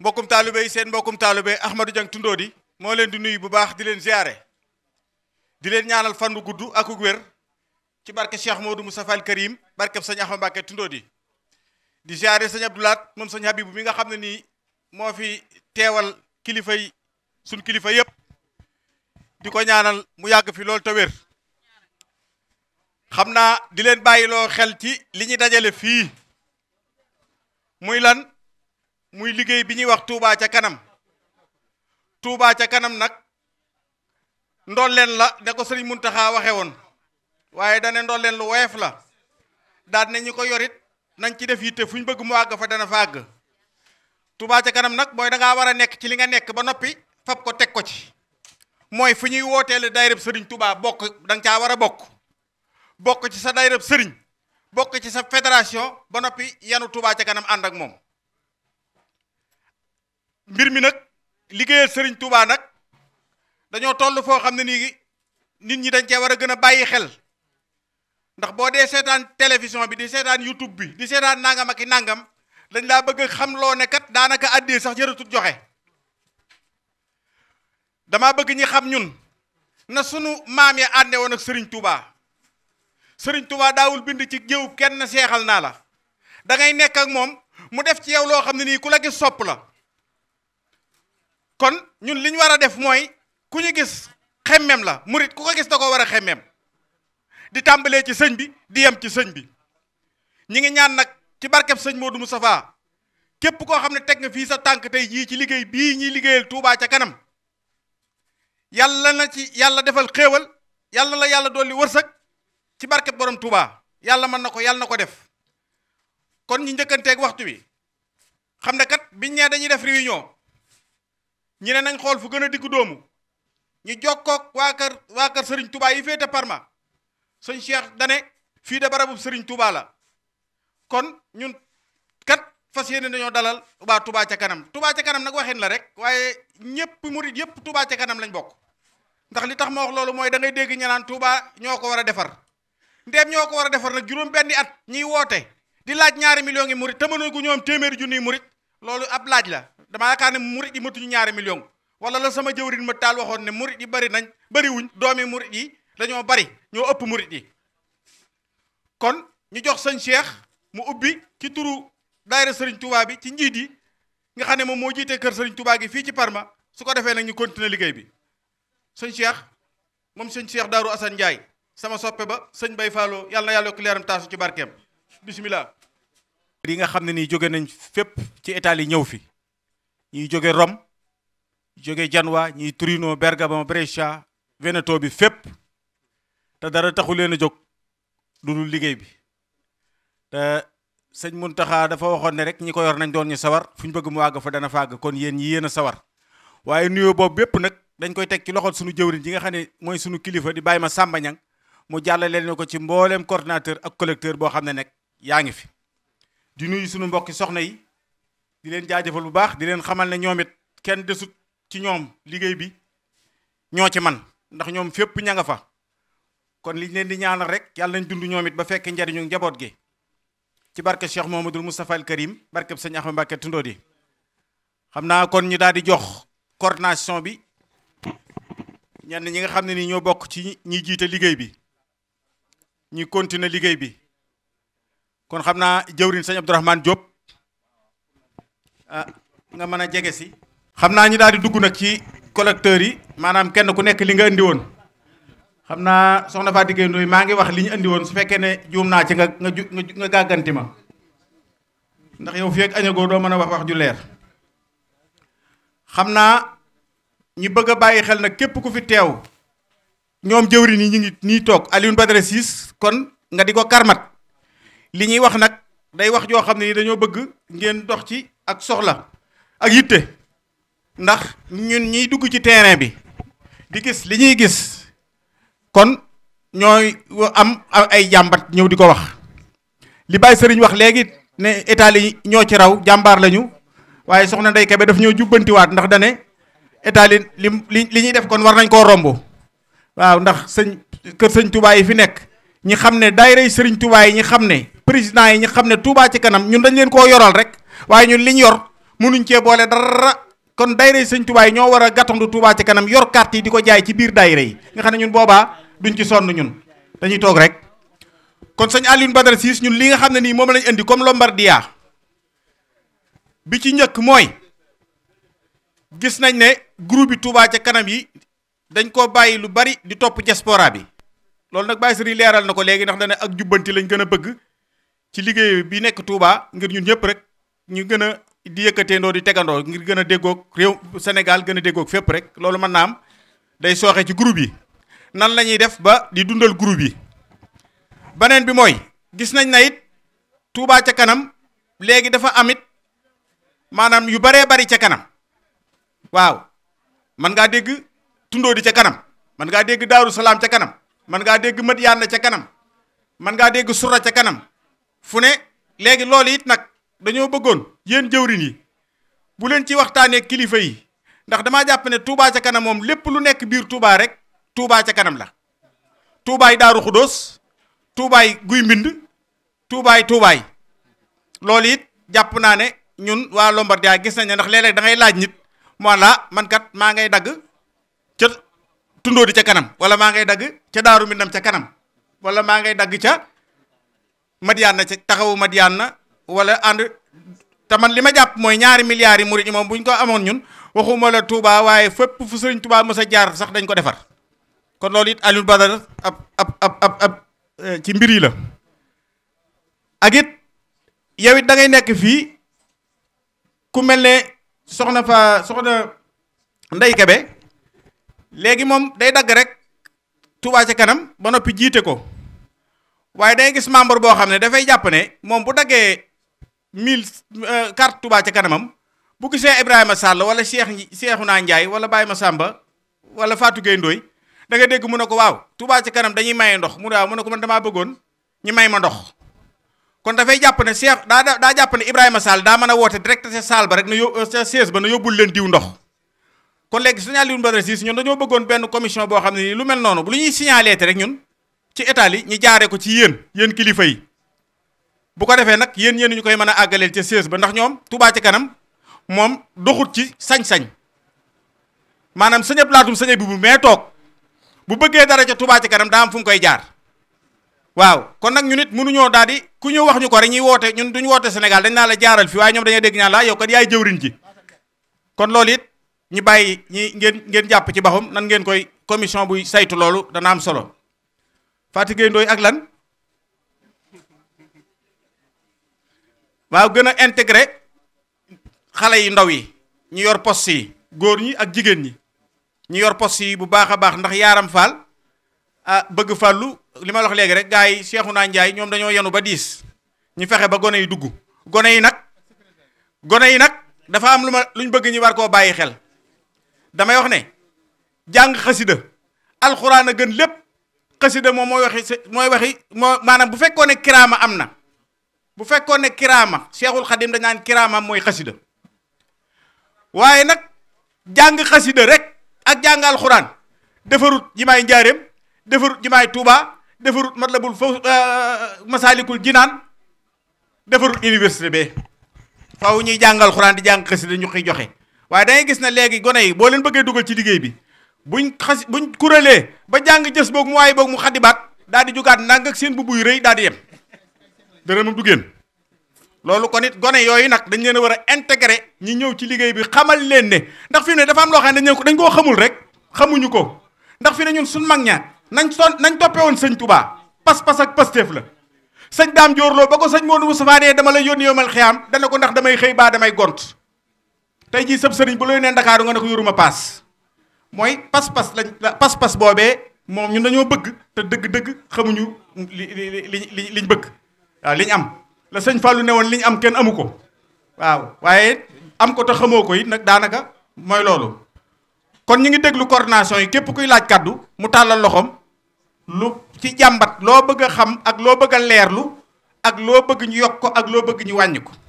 mbokkum taalibe yi seen mbokkum taalibe Ahmadou Dieng Tundodi moo leen di nuyu bu baax di leen ziare di leen ñaanal fan wu gudd ak ci barke Cheikh Modou Moustapha Al Karim barkeb sëñ Ahmadou Mbacké Tundodi di ziare sëñ Abdoulaat moom sëñ Habibu mi nga xam ne nii moo fi teewal kilifa yi suñ kilifa yëpp di ko ñaanal mu yàgg fi loolu te wér xam naa di leen bàyyiloo xel ci li ñu dajale fii muy lan muy liggéey bi ñuy wax tuubaa ca kanam Touba ca kanam nag ndolleen la ne ko sëriñ mun Muntaxa waxe woon waaye dane ndolleen lu woyof la daal ne ñu ko yorit nañ ci def yitte fu ñu bëgg mu àgg fa dana fa àgg Touba ca kanam nag mooy da war a nekk ci li nga nekk ba noppi fab ko teg ko ci mooy fu ñuy wooteele daayirab sëriñ Touba bokk da nga caa war a bokk bokk ci sa daayirab sëriñ bokk ci sa fédération ba noppi yanu tubaa ca kanam ànd ak moom mbir mi nag liggéeyal sëriñ Touba nag dañoo toll foo xam ne nii nit ñi dañ cee war a gën a bàyyi xel ndax boo dee seetaan télévision bi di seetaan YouTube bi di seetaan nangam ak i nangam dañ laa bëgg xam loo ne kat daanaka àddee sax jërëtut joxe dama bëgg ñi xam ñun na sunu maam ya ànde woon ak sëriñ Touba. sëriñ tubaa daawul bind ci géew kenn seexal naa la dangay ngay nekk ak moom mu def ci yow loo xam ne nii ku la gis sopp la kon ñun li war a def mooy ku ñu gis xemmem la murit ku ko gis da ko war a xemmem di tàmbalee ci sëñ bi di yem ci sëñ bi ñi ngi ñaan nag ci barkeb sëñ Modou Moustapha képp koo xam ne teg nga fii sa tànk tey jii ci liggéey bii ñuy liggéeyal tuubaa ca kanam yàlla na ci yàlla defal xéewal yàlla la yàlla dool dolli wërsëg ci barkeb borom Touba yàlla mën na ko yàlla na ko def kon ñu njëkkanteeg waxtu wi xam ne kat biñ ñee dañuy def réunion ñu ne nañ xool fu gën a diggu doomu ñu jokkoog waa kër waa kër Serigne Touba yi féete Parma sëñ Cheikh dane fii de barabu Serigne Touba la kon ñun kat fas yéene dañoo dalal waa Touba ca kanam Touba ca kanam nag waxin la rek waaye ñëpp murit yëpp Touba ca kanam lañ bokk ndax li tax ma wax loolu mooy da ngay dégg ñanaan Touba ñoo ko war a defar ndeem ñoo ko war a defar nag juróom benni at ñiy woote di laaj ñaari million yi murit te mënoo gu ñoom téeméeri junniy murit loolu ab laaj la dama yaakaar ne murit yi matuñu ñaari million wala la sama jëwrin ma taal waxoon ne murit yi bari nañ bariwuñ doomi murit yi dañoo bari ñoo ëpp murit yi kon ñu jox sëñ Cheikh mu ubbi ci turu daayira sëriñ Touba bi ci njiit yi nga xam ne moom moo jiitee kër sëriñ Touba gi fii ci par Parma su ko defee nag ñu continuer liggéey bi sëñ Cheikh moom sëñ Cheikh Daaru Ndiaye sama soppe ba sëñ Bay Fallou yàlla na yàlla yokk leeram taasu ci barkeem bisimilah. yi nga xam ne nii jóge nañ fépp ci Italie ñëw fi ñuy jóge Rome jóge Janwa ñuy Turino Bergamo Brescia Veneto bi fépp te dara taxu leen a jóg lu dul liggéey bi te mun Muntaxa dafa waxoon ne rek ñi ko yor nañ doon ñu sawar fu ñu bëgg mu àgg fa dana fa kon yéen ñi yéen a sawar waaye nuyoo boobu bépp nag dañ koy teg ci loxol suñu jëwriñ ji nga xam ne mooy suñu kilifa di bàyyi ma Sàmba mu jàllale leen ko ci mbooleem coordinateur ak collecteur boo xam ne nekk yaa ngi fi di nuyu suñu mbokki soxna yi di leen jaajëfal bu baax di leen xamal ne ñoomit kenn desut ci ñoom liggéey bi ñoo ci man ndax ñoom fépp ña nga fa kon liñ leen di ñaanal rek yàlla nañ dund ñoom ba fekk njariñu njaboot gi ci barke Cheikh Mouhamadoul Moustapha al Karim barkeb sëñ Ahmed Mbacké tundoo di xam naa kon ñi daal di jox coordination bi ñenn ñi nga xam ne ni ñoo bokk ci ñi jiite liggéey bi ñu continuer liggéey bi kon xam naa jëwriñ sëñ Abdourahmane Diop ah nga mën a jege si. xam naa ñi daal di dugg nag ci collecteurs yi maanaam kenn ku nekk li nga indi woon xam naa soxna Fatou Gueye Ndoye maa ngi wax li ñu indi su fekkee ne jum naa ci nga nga ju nga gàgganti ma ndax yow fii ak doo mën a wax wax ju leer xam naa ñi bëgg bàyyi xel na képp ku fi teew. ñoom jëwri ni ñu ngi nii toog Alioune Badara siis kon nga di ko karmat li ñuy wax nag day wax joo xam ne ni dañoo bëgg ngeen dox ci ak soxla ak yitte ndax ñun ñiy dugg ci terrain bi di gis li ñuy gis kon ñooy am ay jàmbat ñëw di ko wax li Baye Serigne wax léegi ne état li ñoo ci raw jàmbaar lañu waaye soxna Ndeye Kébé daf ñoo jubbantiwaat ndax dane état li li li ñuy def kon war nañ koo romb waaw ndax sëñ kër sëñ Touba yi fi nekk ñi xam ne dayre sëriñ Touba yi ñi xam ne président yi ñi xam ne Touba ci kanam ñun dañ leen koo yoral rek waaye ñun liñ yor mënuñ cee boole dara kon daayira yi sëñ yi ñoo war a gàttandu Touba ci kanam yor carte yi di ko jaay ci biir daayira yi nga xam ne ñun boobaa duñ ci sonn ñun dañuy toog rek kon sëñ Alioune Badara Ciss ñun li nga xam ne nii moom lañ indi comme Lombardia bi ci njëkk mooy gis nañ ne groupe bi Touba ca kanam yi dañ koo bàyyi lu bari di topp diaspora bi loolu nag bàyyi sëriñ leeral na ko léegi ndax dana ak jubbanti lañ gën a bëgg ci liggéey bi nekk Touba ngir ñun ñëpp rek ñu gën a di yëkkateendoo di tegandoo ngir gën a déggoog réew Sénégal gën a déggoog fépp rek loolu man naa am day sooxe ci groupe yi nan la ñuy def ba di dundal groupe yi beneen bi mooy gis nañ na it Touba ca kanam léegi dafa amit maanaam yu baree bari ca kanam waaw mën ngaa dégg tundoo ca kanam man ngaa dégg daaru salaam ca kanam man ngaa dégg mët ca kanam man ngaa dégg sura ca kanam fu ne léegi loolu it nag dañoo bëggoon yéen jëwrin yi bu leen ci waxtaanee kilifa yi ndax damaa jàpp ne Touba ca kanam lépp lu nekk biir Touba rek Touba ca kanam la tuubaay daaru xudóos tuubaay guy mbind tuubaay tuubaay loolu it jàpp naa ne ñun waa Lombardia gis nañ ne ndax léeg-léeg laaj nit voilà ah, man kat maa ngay dagg ca tundoo di ca kanam wala maa ngay dagg ca daaru mi ca kanam wala maa ngay dagg ca na ca taxawu Madiana wala ànd te man li ma jàpp mooy ñaari milliards yi murid i moom bu ñu ko amoon ñun waxuma la Touba waaye fépp fu Sëriñ Touba mës a jaar sax dañ ko defar kon loolu it Alioune Badara ab ab ab ab eh, ci mbir yi la ak it yow it da nekk fii ku mel ne soxna fa soxna Ndeye Kebe léegi moom day dagg rek tubaa ca kanam ba noppi jiite ko waaye day gis membre boo xam ne dafay jàpp ne moom bu daggee mille euh, carte Touba ca kanamam bu gisee Ibrahima Sall wala Cheikh Cheikhouna njaay wala Baye Massamba wala Fatou Gueye Ndoye da nga dégg mu ne ko waaw Touba ca kanam dañuy maye ndox mu ne waaw mu ne ko man damaa bëggoon ñi may ma ndox kon dafay jàpp ne Cheikh daa daa jàpp ne Ibrahima Sall daa mën a woote direct ca Sall ba rek na yób ca Cées ba na yóbbul leen diw ndox. kon léegi signal Alioune Badara Ciss ñun dañoo bëggoon benn commission boo xam ne nii lu mel noonu bu lu ñuy signalé te rek ñun ci état li ñu jaaree ko ci yéen yéen kilifa yi bu ko defee nag yéen yéen ñu koy mën a àggaleel ca siège ba ndax ñoom Touba ci kanam moom doxut ci sañ-sañ maanaam sëñëb laatum sëñëb bi bu mais toog bu bëggee dara ca Touba ci kanam daa am fu mu koy jaar waaw kon nag ñu nit mënuñoo daal di ku ñu wax ñu ko rek ñu woote ñun duñ woote Sénégal dañ naa la jaaral fii waaye ñoom dañuy dégg ñaan laa yow kat yaay jëwriñ ji kon loolu it ñi bàyyi ñi ngeen ngeen jàpp ci baxum nan ngeen koy commission buy saytu loolu dana am solo Fatou Gueye Ndoye ak lan waaw gën a intégré xale yu ndaw yi ñu yor poste yi góor ñi ak jigéen ñi ñu yor poste yi bu baax a baax ndax yaaram faal ah bëgg fàllu li ma wax léegi rek gars yi Cheikhouna Ndiaye ñoom dañoo yenu ba diis ñu fexe ba gone yi dugg gone yi nag gone yi nag dafa am lu ma luñ bëgg ñu war koo bàyyi xel damay wax ne jàng xasida alxuraan a gën lépp xasida moom mooy waxi mooy waxi moo maanaam bu fekkoon ne kiraama am na bu fekkoon ne kiraama Seexul Xadim dañ naan kiraama mooy xasida waaye nag jàng xasida rek ak jàng alxuraan defarut jimaay njaareem defarut jimaay Touba defarut matlabul faw euh, masaalikul jinaan defarut université be faaw ñuy jàng alxuraan di jàng xasida ñu koy joxe. waaye dangay gis na léegi gone yi boo leen bëggee dugal ci liggéey bi buñ xas buñ kurélee ba jàng jës boog mu waaye boog mu xaddibaat daal di jugaat ndànk ak seen bubu yu rëy daal di yem dara moom duggeen loolu kon it gone yooyu nag dañ leen a war a intégré ñi ñëw ci liggéey bi xamal leen ne ndax fii mu ne dafa am loo xam ne dañ dañ koo xamul rek xamuñu ko ndax fi ne ñun suñ mag ñaar nañ son nañ toppe woon sëñ tubaa pas-pas ak pasteef la sëñ daam joorloo ba ko sëñ Modou Moustapha dee dama lay yónni yomal xiyaam dana ko ndax damay xëy baa damay tey jii sab sëriñ bu lay nee Ndakaaru nga ne ko yoruma paas mooy pas-pas lañ pas-pas boobee moom ñun dañoo bëgg te dëgg-dëgg xamuñu li li liñ bëgg waaw liñ am la sëñ Fallou ne woon liñ am kenn amu ko waaw waaye am ko te xamoo ko it nag daanaka mooy loolu kon ñu ngi déglu coordination yi képp kuy laaj kàddu mu tàllal loxoom lu ci jàmbat loo bëgg xam ak loo bëgg a leerlu ak loo bëgg ñu yokk ko ak loo bëgg ñu wàññi ko